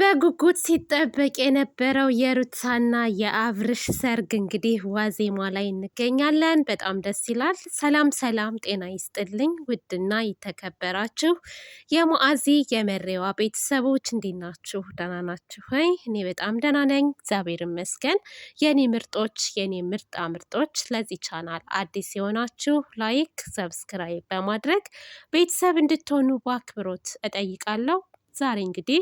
በጉጉት ሲጠበቅ የነበረው የሩታና የአብርሽ ሰርግ እንግዲህ ዋዜማ ላይ እንገኛለን። በጣም ደስ ይላል። ሰላም ሰላም፣ ጤና ይስጥልኝ ውድና የተከበራችሁ የሙአዚ የመሬዋ ቤተሰቦች እንዴት ናችሁ? ደህና ናችሁ ወይ? እኔ በጣም ደህና ነኝ፣ እግዚአብሔር ይመስገን። የኔ ምርጦች፣ የኔ ምርጣ ምርጦች፣ ለዚህ ቻናል አዲስ የሆናችሁ ላይክ፣ ሰብስክራይብ በማድረግ ቤተሰብ እንድትሆኑ በአክብሮት እጠይቃለሁ። ዛሬ እንግዲህ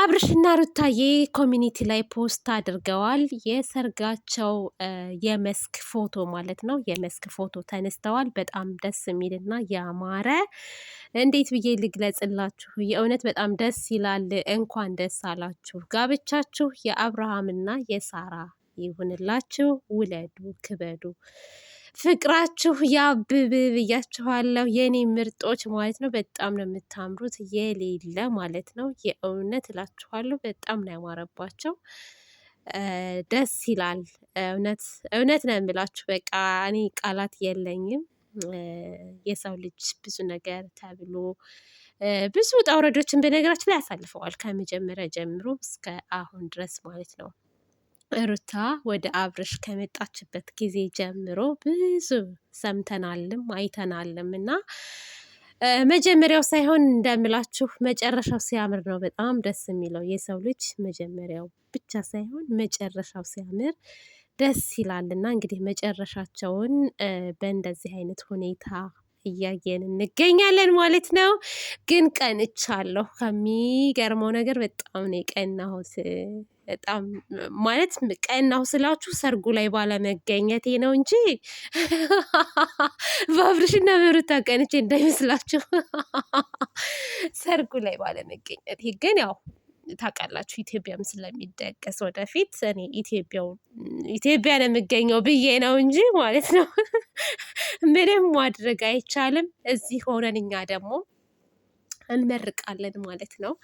አብርሽና ሩታዬ ኮሚኒቲ ላይ ፖስት አድርገዋል። የሰርጋቸው የመስክ ፎቶ ማለት ነው። የመስክ ፎቶ ተነስተዋል። በጣም ደስ የሚልና ያማረ እንዴት ብዬ ልግለጽላችሁ? የእውነት በጣም ደስ ይላል። እንኳን ደስ አላችሁ። ጋብቻችሁ የአብርሃምና የሳራ ይሁንላችሁ። ውለዱ፣ ክበዱ። ፍቅራችሁ ያብብ ብያችኋለሁ የኔ ምርጦች ማለት ነው። በጣም ነው የምታምሩት የሌለ ማለት ነው። የእውነት እላችኋለሁ በጣም ነው ያማረባቸው። ደስ ይላል። እውነት እውነት ነው የምላችሁ። በቃ እኔ ቃላት የለኝም። የሰው ልጅ ብዙ ነገር ተብሎ ብዙ ውጣ ውረዶችን በነገራችን ላይ ያሳልፈዋል ከመጀመሪያ ጀምሮ እስከ አሁን ድረስ ማለት ነው። ሩታ ወደ አብርሽ ከመጣችበት ጊዜ ጀምሮ ብዙ ሰምተናልም አይተናልም እና መጀመሪያው ሳይሆን እንደምላችሁ መጨረሻው ሲያምር ነው በጣም ደስ የሚለው። የሰው ልጅ መጀመሪያው ብቻ ሳይሆን መጨረሻው ሲያምር ደስ ይላል እና እንግዲህ መጨረሻቸውን በእንደዚህ አይነት ሁኔታ እያየን እንገኛለን ማለት ነው። ግን ቀንቻለሁ፣ ከሚገርመው ነገር በጣም ነው የቀናሁት። በጣም ማለት ቀናው ስላችሁ ሰርጉ ላይ ባለመገኘቴ ነው እንጂ በአብርሽና በሩታ ቀንቼ እንዳይመስላችሁ። ሰርጉ ላይ ባለመገኘቴ ግን ያው ታውቃላችሁ ኢትዮጵያም ስለሚደገስ ወደፊት እኔ ኢትዮጵያው ኢትዮጵያ ነው የምገኘው ብዬ ነው እንጂ ማለት ነው ምንም ማድረግ አይቻልም። እዚህ ሆነን እኛ ደግሞ እንመርቃለን ማለት ነው።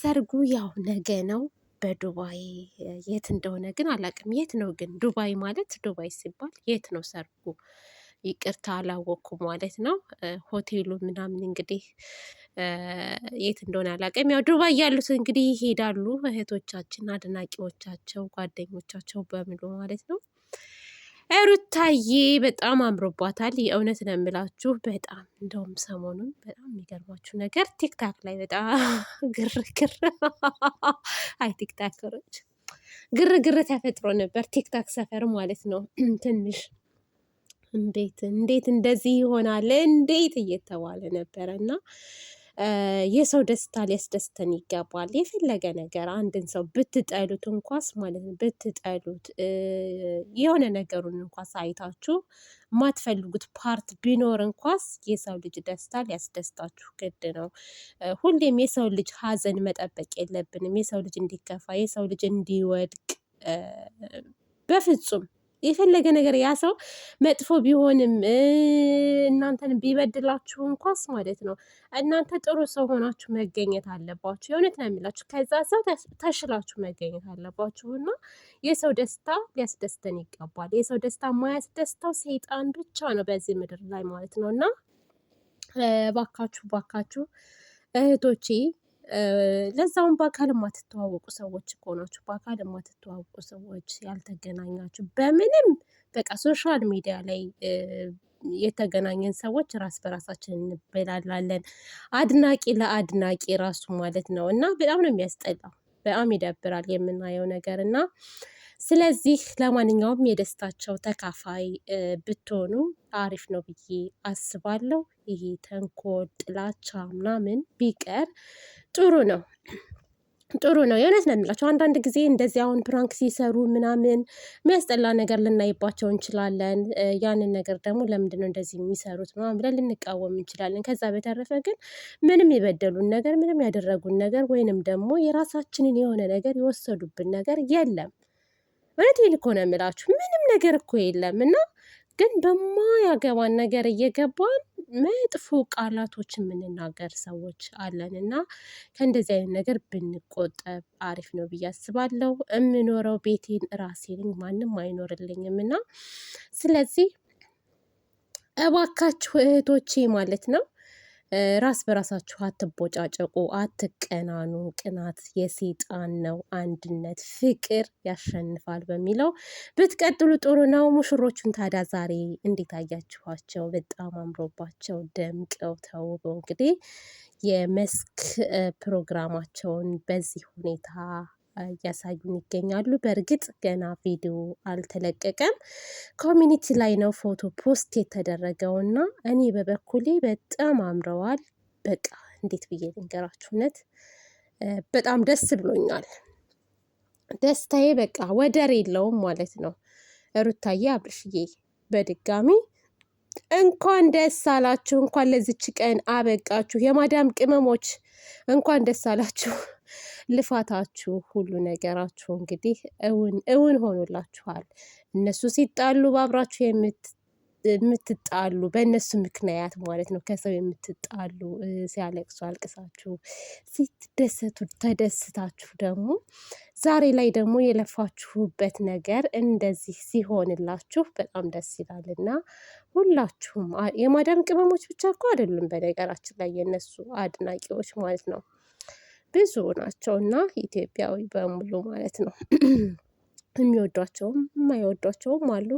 ሰርጉ ያው ነገ ነው። በዱባይ የት እንደሆነ ግን አላውቅም። የት ነው ግን ዱባይ ማለት ዱባይ ሲባል የት ነው ሰርጉ? ይቅርታ አላወቅኩም ማለት ነው። ሆቴሉ ምናምን እንግዲህ የት እንደሆነ አላውቅም። ያው ዱባይ ያሉት እንግዲህ ይሄዳሉ እህቶቻችን፣ አድናቂዎቻቸው፣ ጓደኞቻቸው በሙሉ ማለት ነው። ሩታዬ በጣም አምሮባታል። የእውነት ነው የምላችሁ። በጣም እንደውም ሰሞኑን በጣም የሚገርማችሁ ነገር ቲክታክ ላይ በጣም ግርግር፣ አይ ቲክታክሮች ግርግር ተፈጥሮ ነበር። ቲክታክ ሰፈር ማለት ነው። ትንሽ እንዴት እንዴት እንደዚህ ይሆናል እንዴት እየተባለ ነበረ እና የሰው ደስታ ሊያስደስተን ይገባል። የፈለገ ነገር አንድን ሰው ብትጠሉት እንኳስ ማለት ነው ብትጠሉት የሆነ ነገሩን እንኳስ አይታችሁ የማትፈልጉት ፓርት ቢኖር እንኳስ የሰው ልጅ ደስታ ሊያስደስታችሁ ግድ ነው። ሁሌም የሰው ልጅ ሀዘን መጠበቅ የለብንም። የሰው ልጅ እንዲከፋ፣ የሰው ልጅ እንዲወድቅ በፍጹም የፈለገ ነገር ያ ሰው መጥፎ ቢሆንም እናንተን ቢበድላችሁ እንኳስ ማለት ነው እናንተ ጥሩ ሰው ሆናችሁ መገኘት አለባችሁ። የእውነት ነው የሚላችሁ ከዛ ሰው ተሽላችሁ መገኘት አለባችሁ እና የሰው ደስታ ሊያስደስተን ይገባል። የሰው ደስታ የማያስደስተው ሰይጣን ብቻ ነው በዚህ ምድር ላይ ማለት ነው እና ባካችሁ ባካችሁ እህቶቼ ለዛውን በአካል የማትተዋወቁ ሰዎች እኮ በአካል የማትተዋወቁ ሰዎች ያልተገናኛችሁ፣ በምንም በቃ ሶሻል ሚዲያ ላይ የተገናኘን ሰዎች ራስ በራሳችን እንበላላለን። አድናቂ ለአድናቂ ራሱ ማለት ነው እና በጣም ነው የሚያስጠላው። በጣም ይደብራል የምናየው ነገር እና ስለዚህ ለማንኛውም የደስታቸው ተካፋይ ብትሆኑ አሪፍ ነው ብዬ አስባለሁ። ይሄ ተንኮል፣ ጥላቻ ምናምን ቢቀር ጥሩ ነው ጥሩ ነው። የእውነት ነው የምላቸው። አንዳንድ ጊዜ እንደዚህ አሁን ፕራንክ ሲሰሩ ምናምን የሚያስጠላ ነገር ልናይባቸው እንችላለን። ያንን ነገር ደግሞ ለምንድን ነው እንደዚህ የሚሰሩት ምናምን ብለን ልንቃወም እንችላለን። ከዛ በተረፈ ግን ምንም የበደሉን ነገር፣ ምንም ያደረጉን ነገር ወይንም ደግሞ የራሳችንን የሆነ ነገር የወሰዱብን ነገር የለም። እውነቴን እኮ ነው የምላችሁ። ምንም ነገር እኮ የለም እና ግን በማያገባን ነገር እየገባን መጥፎ ቃላቶችን የምንናገር ሰዎች አለን እና ከእንደዚህ አይነት ነገር ብንቆጠብ አሪፍ ነው ብዬ አስባለሁ። የምኖረው ቤቴን ራሴን ማንም አይኖርልኝም እና ስለዚህ እባካችሁ እህቶቼ ማለት ነው ራስ በራሳችሁ አትቦጫጨቁ፣ አትቀናኑ። ቅናት የሴጣን ነው፣ አንድነት ፍቅር ያሸንፋል በሚለው ብትቀጥሉ ጥሩ ነው። ሙሽሮቹን ታዲያ ዛሬ እንዴት አያችኋቸው? በጣም አምሮባቸው ደምቀው ተውበው እንግዲህ የመስክ ፕሮግራማቸውን በዚህ ሁኔታ እያሳዩን ይገኛሉ። በእርግጥ ገና ቪዲዮ አልተለቀቀም። ኮሚኒቲ ላይ ነው ፎቶ ፖስት የተደረገው እና እኔ በበኩሌ በጣም አምረዋል። በቃ እንዴት ብዬ ልንገራችሁ? እውነት በጣም ደስ ብሎኛል። ደስታዬ በቃ ወደር የለውም ማለት ነው። ሩታዬ አብርሽዬ በድጋሚ እንኳን ደስ አላችሁ። እንኳን ለዚች ቀን አበቃችሁ። የማዳም ቅመሞች እንኳን ደስ አላችሁ። ልፋታችሁ ሁሉ ነገራችሁ እንግዲህ እውን እውን ሆኖላችኋል። እነሱ ሲጣሉ በአብራችሁ የምትጣሉ በእነሱ ምክንያት ማለት ነው። ከሰው የምትጣሉ ሲያለቅሱ አልቅሳችሁ፣ ሲደሰቱ ተደስታችሁ ደግሞ ዛሬ ላይ ደግሞ የለፋችሁበት ነገር እንደዚህ ሲሆንላችሁ በጣም ደስ ይላል እና ሁላችሁም የማዳም ቅመሞች ብቻ እኮ አይደሉም በነገራችን ላይ የእነሱ አድናቂዎች ማለት ነው። ብዙ ናቸውና ኢትዮጵያዊ በሙሉ ማለት ነው። የሚወዷቸውም የማይወዷቸውም አሉ።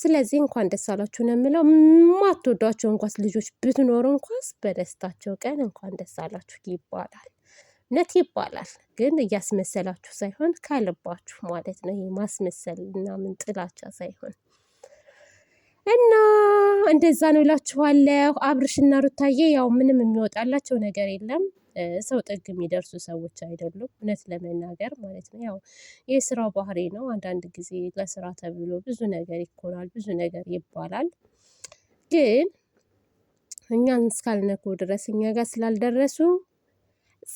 ስለዚህ እንኳን ደስ አላችሁ ነው የምለው። ማትወዷቸው እንኳስ ልጆች ብትኖሩ እንኳስ በደስታቸው ቀን እንኳን ደስ አላችሁ ይባላል። እውነት ይባላል፣ ግን እያስመሰላችሁ ሳይሆን ከልባችሁ ማለት ነው። የማስመሰል ምናምን ጥላቻ ሳይሆን እና እንደዛ ነው እላችኋለሁ። አብርሽና ሩታዬ ያው ምንም የሚወጣላቸው ነገር የለም። ሰው ጥግ የሚደርሱ ሰዎች አይደሉም፣ እውነት ለመናገር ማለት ነው። ያው የስራው ባህሪ ነው። አንዳንድ ጊዜ ለስራ ተብሎ ብዙ ነገር ይኮናል፣ ብዙ ነገር ይባላል። ግን እኛን እስካልነኩ ድረስ እኛ ጋር ስላልደረሱ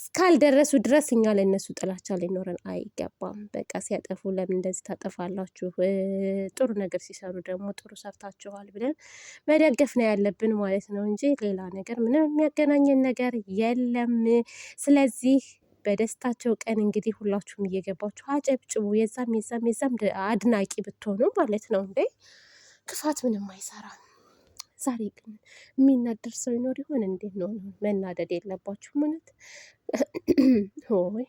እስካልደረሱ ድረስ እኛ ለእነሱ ጥላቻ ሊኖረን አይገባም። በቃ ሲያጠፉ ለምን እንደዚህ ታጠፋላችሁ? ጥሩ ነገር ሲሰሩ ደግሞ ጥሩ ሰርታችኋል ብለን መደገፍ ነው ያለብን ማለት ነው እንጂ ሌላ ነገር ምንም የሚያገናኘን ነገር የለም። ስለዚህ በደስታቸው ቀን እንግዲህ ሁላችሁም እየገባችሁ አጨብጭቡ። የዛም የዛም የዛም አድናቂ ብትሆኑ ማለት ነው እንዴ ክፋት ምንም አይሰራም። ዛሬ ግን የሚናደድ ሰው ይኖር ይሆን? እንዴት ነው መናደድ የለባችሁም። እውነት ሆይ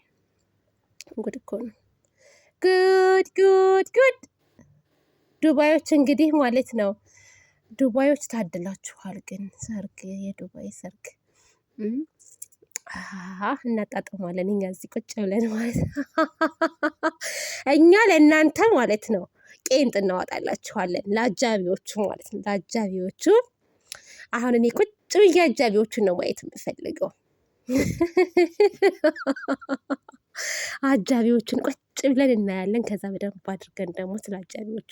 ጉድ እኮ ነው። ጉድ ጉድ ጉድ። ዱባዮች እንግዲህ ማለት ነው ዱባዮች ታድላችኋል። ግን ሰርግ፣ የዱባይ ሰርግ እናጣጥማለን እኛ እዚህ ቁጭ ብለን ማለት እኛ ለእናንተ ማለት ነው ቄንጥ እናወጣላችኋለን። ለአጃቢዎቹ ማለት ነው። ለአጃቢዎቹ አሁን እኔ ቁጭ ብዬ አጃቢዎቹን ነው ማየት የምፈልገው። አጃቢዎቹን ቁጭ ብለን እናያለን። ከዛ በደንብ አድርገን ደግሞ ስለ አጃቢዎቹ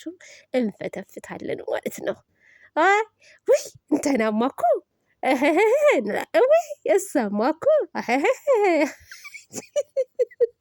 እንፈተፍታለን ማለት ነው። ውይ እንተናማ እኮ ውይ እኮ